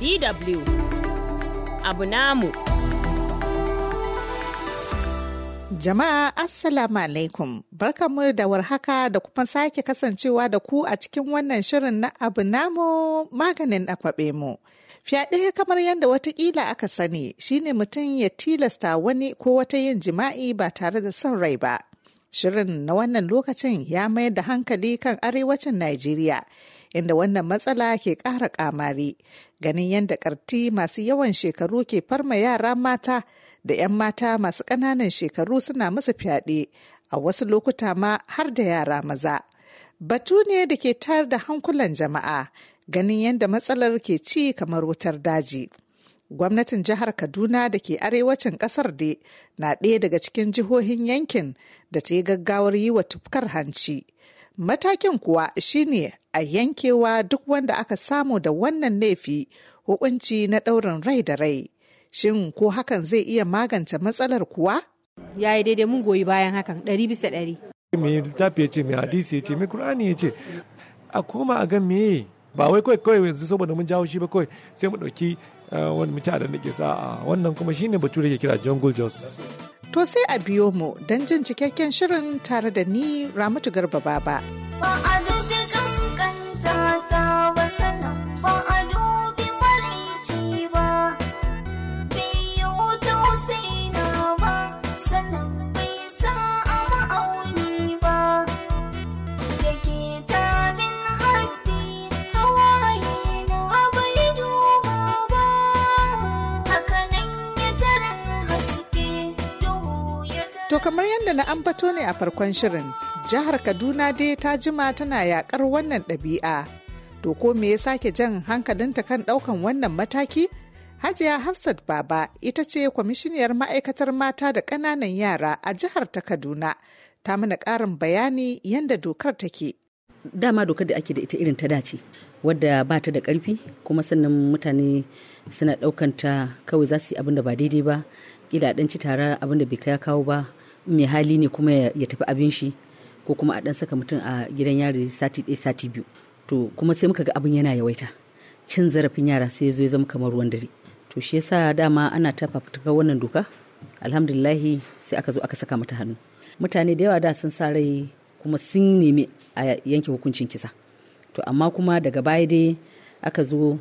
DW abu namu. Jama'a Assalamu alaikum barkamu da warhaka da kuma sake kasancewa da ku a cikin wannan shirin na abu namu maganin akwabe mu. Fyaɗe kamar yadda watakila aka sani shine mutum ya tilasta wani ko wata yin jima'i ba tare da son rai ba. Shirin na wannan lokacin ya mayar da hankali kan arewacin Najeriya inda wannan matsala ke ƙara ƙamari. Ganin yadda ƙarti masu yawan shekaru ke farma yara mata da 'yan mata masu ƙananan shekaru suna musu fyaɗe, a wasu lokuta ma har da yara maza. Batu ne da ke tayar da hankulan jama'a ganin yadda matsalar ke ci kamar wutar daji. gwamnatin jihar kaduna da ke arewacin kasar de na ɗaya daga cikin jihohin yankin da ta yi gaggawar yi wa tufkar hanci Matakin kuwa shine a yankewa duk wanda aka samu da wannan laifi hukunci na ɗaurin rai da rai. Shin ko hakan zai iya magance matsalar kuwa? Ya yi daidai mun goyi bayan hakan ɗari bisa ɗari. Mai littafi ya ce, mai hadisi ya ce, mai Kur'ani ya ce, a koma a ga meye ba wai kawai kawai yanzu saboda mun jawo shi ba kawai sai mu ɗauki eh, wani mutane da ke sa'a wannan kuma shine bature ke kira jungle justice. To sai a biyo mu don jin cikakken shirin tare da ni Ramatu Garba Baba. To kamar yadda na ambato ne a farkon shirin, jihar Kaduna dai ta jima tana yakar wannan ɗabi'a. To ko me ya sake jan hankalinta kan ɗaukan wannan mataki? Hajiya Hafsat Baba ita ce kwamishiniyar ma'aikatar mata da ƙananan yara a jihar ta Kaduna. Ta mana ƙarin bayani yadda dokar take. Dama dokar da ake da ita irin ta dace, wadda ba ta da ƙarfi kuma sannan mutane suna ɗaukanta kawai za su yi abin da ba daidai ba ƙila dan ci tara abin da bai kawo ba mai hali ne kuma ya tafi abin shi ko kuma a dan saka mutum a gidan yari sati ɗaya sati biyu to kuma sai muka ga abin yana yawaita cin zarafin yara sai zo ya zama kamar ruwan dare to shi yasa dama ana ta fafutuka wannan doka alhamdulillahi sai aka zo aka saka mata hannu mutane da yawa da sun sa rai kuma sun nemi a yanke hukuncin kisa to amma kuma daga baya dai aka zo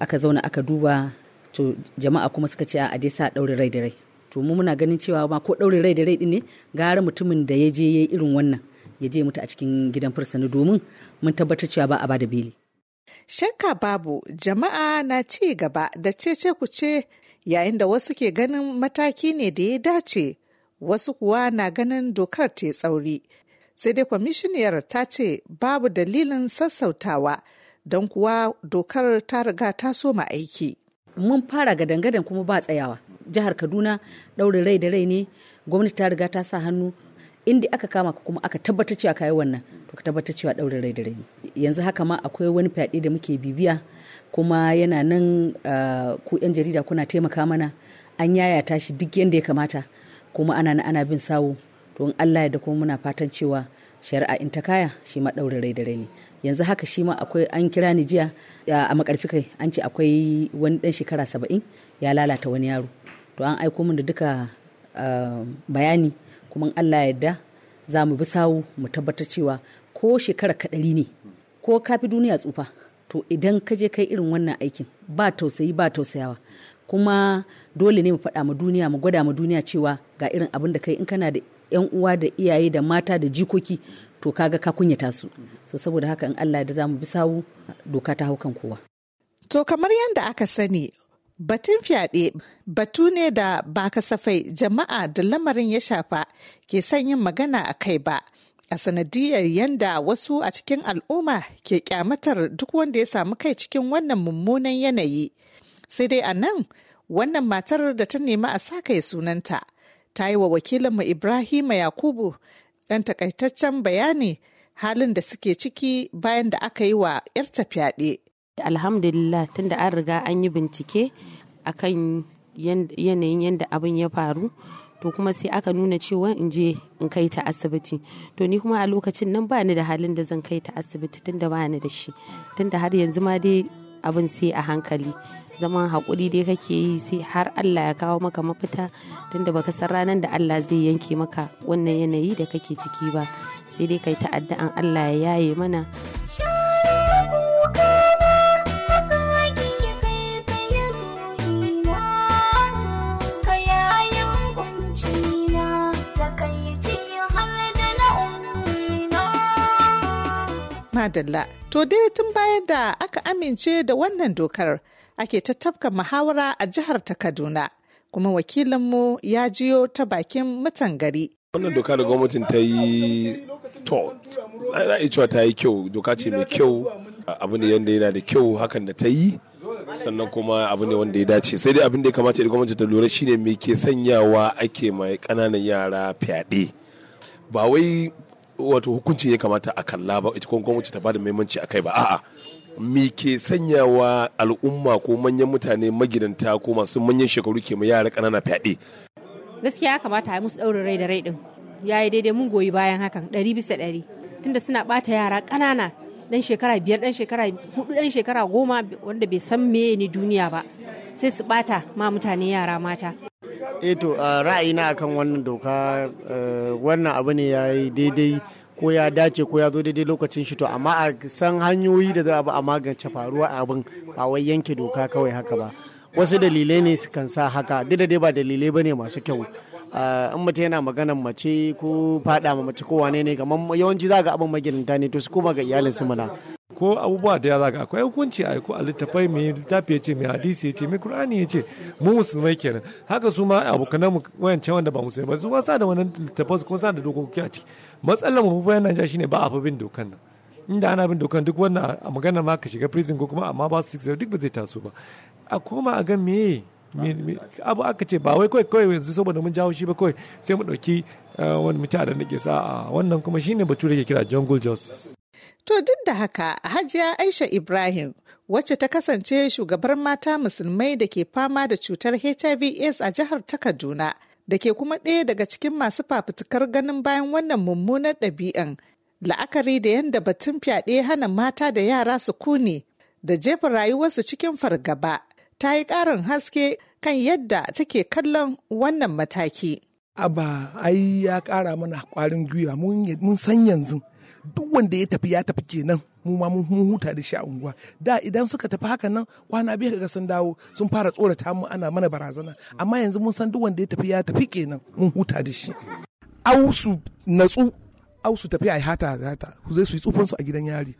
aka zauna aka duba to jama'a kuma suka ce a dai sa ɗaure rai da rai to mu muna ganin cewa ma ko ɗaure rai da rai ne gara mutumin da ya je ya irin wannan ya je mutu a cikin gidan fursani domin mun tabbatar cewa ba a bada beli. Shakka babu jama'a na ci gaba da cece ku ce yayin da wasu ke ganin mataki ne da ya dace wasu kuwa na ganin dokar ta tsauri sai dai kwamishiniyar ta ce babu dalilin sassautawa don kuwa dokar ta riga ta soma aiki. mun fara ga gadangadan kuma ba tsayawa jihar kaduna ɗaurin rai da rai ne gwamnati ta riga ta sa hannu inda aka kama ka kuma aka tabbatar cewa kayi wannan to ka tabbatar cewa ɗaurin rai da rai ne. yanzu haka ma akwai wani fyaɗe da muke bibiya kuma yana nan ah, ku yan jarida kuna taimaka mana an yaya tashi duk yadda ya kamata kuma ana ana bin sawu don allah ya da kuma muna fatan cewa shari'a in ta kaya shi ma ɗaure rai da rai ne yanzu haka shi ma akwai an kira ni jiya a makarfi kai an ce akwai wani ɗan shekara saba'in ya lalata wani yaro to an aiko min da duka ah, bayani kuma allah yadda za mu bi sawu mu tabbatar cewa ko shekara kaɗari ne ko kafi duniya tsufa to idan ka je kai irin wannan aikin ba tausayi ba tausayawa kuma dole ne mu faɗa ma duniya mu gwada ma duniya cewa ga irin abin da kai in kana da yan uwa da iyaye da mata da jikoki to kaga ka kunyata su so saboda haka in Allah da zamu bi sawu doka ta haukan kowa to kamar yadda aka sani batun fyaɗe batu ne da ba kasafai jama'a da lamarin ya shafa ke son yin magana a kai ba a sanadiyar yanda wasu a cikin al'umma ke kyamatar duk wanda ya samu kai cikin wannan mummunan yanayi sai dai a nan wannan matar da ta nemi a sa kai sunanta ta yi wa wakilinmu Ibrahima Yakubu ɗan takaitaccen bayani halin da suke ciki bayan da aka yi wa 'yarta fyaɗe. Alhamdulillah tunda an riga an yi bincike akan yanayin yadda abin ya faru to kuma sai aka nuna cewa in je in kai ta asibiti to ni kuma a lokacin nan ba ni da halin da zan kai ta asibiti tunda ba ni da shi tunda har yanzu ma dai abin sai a hankali zaman haƙuri dai kake yi sai har Allah ya kawo maka mafita tunda baka san ranar da Allah zai yanke maka wannan yanayi da kake ciki ba sai dai kai ta'addu'an Allah ya yaye mana Madalla, to dai tun bayan da aka amince da wannan dokar ake ta tattafka muhawara a jihar ta Kaduna. Kuma wakilinmu ya jiyo ta bakin mutan gari. Wannan doka da gwamnatin ta yi to, na cewa ta yi kyau, doka ce mai kyau, abu ne yadda yana da kyau hakan da ta yi. sannan kuma abu ne wanda ya dace sai dai abin da ya kamata da gwamnati ta lura shine me ke sanyawa ake mai kananan yara fyaɗe ba wai wato hukuncin ya kamata a kalla ba ita kuma gwamnati ta bada muhimmanci kai ba a'a me ke sanyawa al'umma ko manyan mutane magidanta ko masu manyan shekaru ke mai yara ƙanana fyaɗe gaskiya ya kamata a musu ɗaurin rai da rai ɗin ya yi daidai mun goyi bayan hakan ɗari bisa ɗari tunda suna ɓata yara ƙanana ɗan shekara biyar ɗan shekara hudu ɗan shekara goma wanda bai san meye ne duniya ba sai su ɓata ma mutane yara mata eto eh ra'ayina akan wannan doka eh, wannan abu ne ya yi daidai ko ya dace ko ya zo daidai lokacin shi to amma a san hanyoyi da za a bi a magance faruwa abin ba wai yanke doka kawai haka ba wasu dalilai ne su kan sa haka duk da dai ba dalilai bane masu kyau in mutum yana magana mace ko fada ma mace ko wane ne kamar yawanci za ga abin magirinta ne to su koma ga iyalin su mana ko abubuwa da yawa ga akwai hukunci a ko a littafai mai littafi ya ce mai hadisi ya ce mai qur'ani ya ce mu musulmai kenan haka su ma abokanan mu wayancan wanda ba musulmai ba su ma sa da wannan littafai kuma sa da dokoki a ciki matsalar mu bayan Najeriya shine ba a fa bin dokan nan inda ana bin dokan duk wannan a magana ma ka shiga prison ko kuma amma ba su duk ba zai taso ba a koma a ga meye abu aka ce ba wai kawai kawai yanzu saboda mun jawo shi ba kawai sai mu ɗauki eh, wani mutane da ke sa a wannan kuma shine bature ke kira jungle justice To duk da haka Hajiya Aisha Ibrahim wacce ta kasance shugabar mata musulmai da ke fama da cutar HIV AIDS a jihar ta Kaduna da ke kuma ɗaya daga cikin masu fafutukar ganin bayan wannan mummunar ɗabi'an la'akari da yadda batun fyaɗe hana mata da yara su kuni, da jefa rayuwarsu cikin fargaba ta yi ƙarin haske kan yadda take kallon wannan mataki. Aba ai ya ƙara mana ƙwarin gwiwa mun san yanzu duk wanda ya tafi ya tafi kenan mu ma mun huta da shi a unguwa da idan suka tafi haka nan kwana biyu kaga sun dawo sun fara tsorata mu ana mana barazana amma yanzu mun san duk wanda ya tafi ya tafi kenan mun huta da shi ausu natsu ausu tafi ai hata hata ku zai su yi tsufan a gidan yari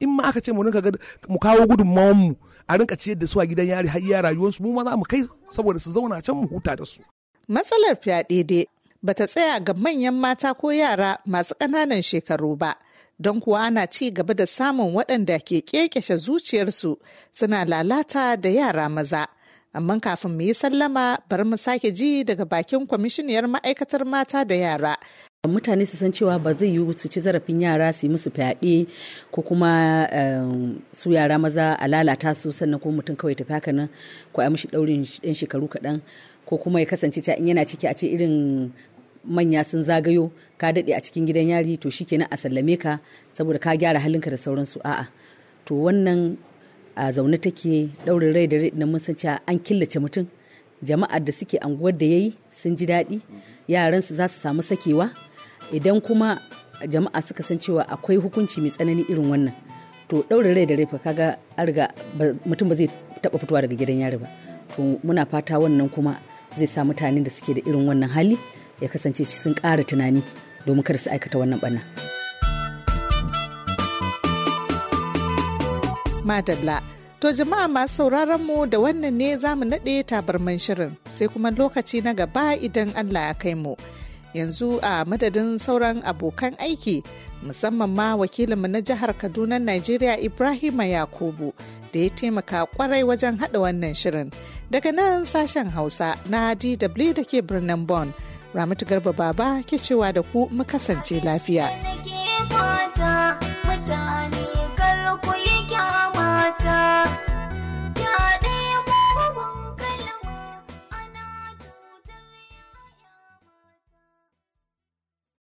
in ma aka ce mu rinka mu kawo gudunmawar mu a rinka ciyar da su a gidan yari har iya rayuwarsu mu ma za mu kai saboda su zauna can mu huta da su matsalar fyaɗe dai bata tsaya ga manyan mata ko yara masu ƙananan shekaru ba don kuwa ana ci gaba da samun waɗanda ke ƙeƙeshe zuciyarsu suna lalata da yara maza. Amma kafin mu yi sallama bari mu sake ji daga bakin kwamishiniyar ma'aikatar mata da yara. Mutane su san cewa ba zai yiwu su ci zarafin yara su yi musu fyaɗe ko kuma ehm, su yara maza a lalata su sannan ko mutum kawai tafi haka nan ko a mishi ɗaurin ɗan shekaru kaɗan ko kuma ya kasance in yana ciki a ce irin manya sun zagayo ka daɗe a cikin gidan yari to shikenan a sallame ka saboda ka gyara halinka da sauransu a'a to wannan a zaune take ɗaurin rai da rai na mun san an killace mutum jama'ar da suke anguwar da yayi sun ji daɗi yaransu za su samu sakewa idan kuma jama'a suka san cewa akwai hukunci mai tsanani irin wannan to ɗaurin rai da rai fa kaga an riga mutum ba zai taɓa fitowa daga gidan yari ba to muna fata wannan kuma zai sa mutanen da suke da irin wannan hali ya kasance sun ƙara tunani domin kar su aikata wannan ɓanna. Madalla To jama'a masu sauraron mu da wannan ne za mu naɗe tabarman shirin sai kuma lokaci na gaba idan Allah ya kai mu. Yanzu a madadin sauran abokan aiki musamman ma wakilinmu na jihar Kaduna Najeriya ibrahim Yakubu da ya taimaka kwarai wajen haɗa wannan shirin. Daga nan sashen Hausa na DW da ke birnin Bonn. Ramatu Garba Baba ke cewa da ku mu kasance lafiya.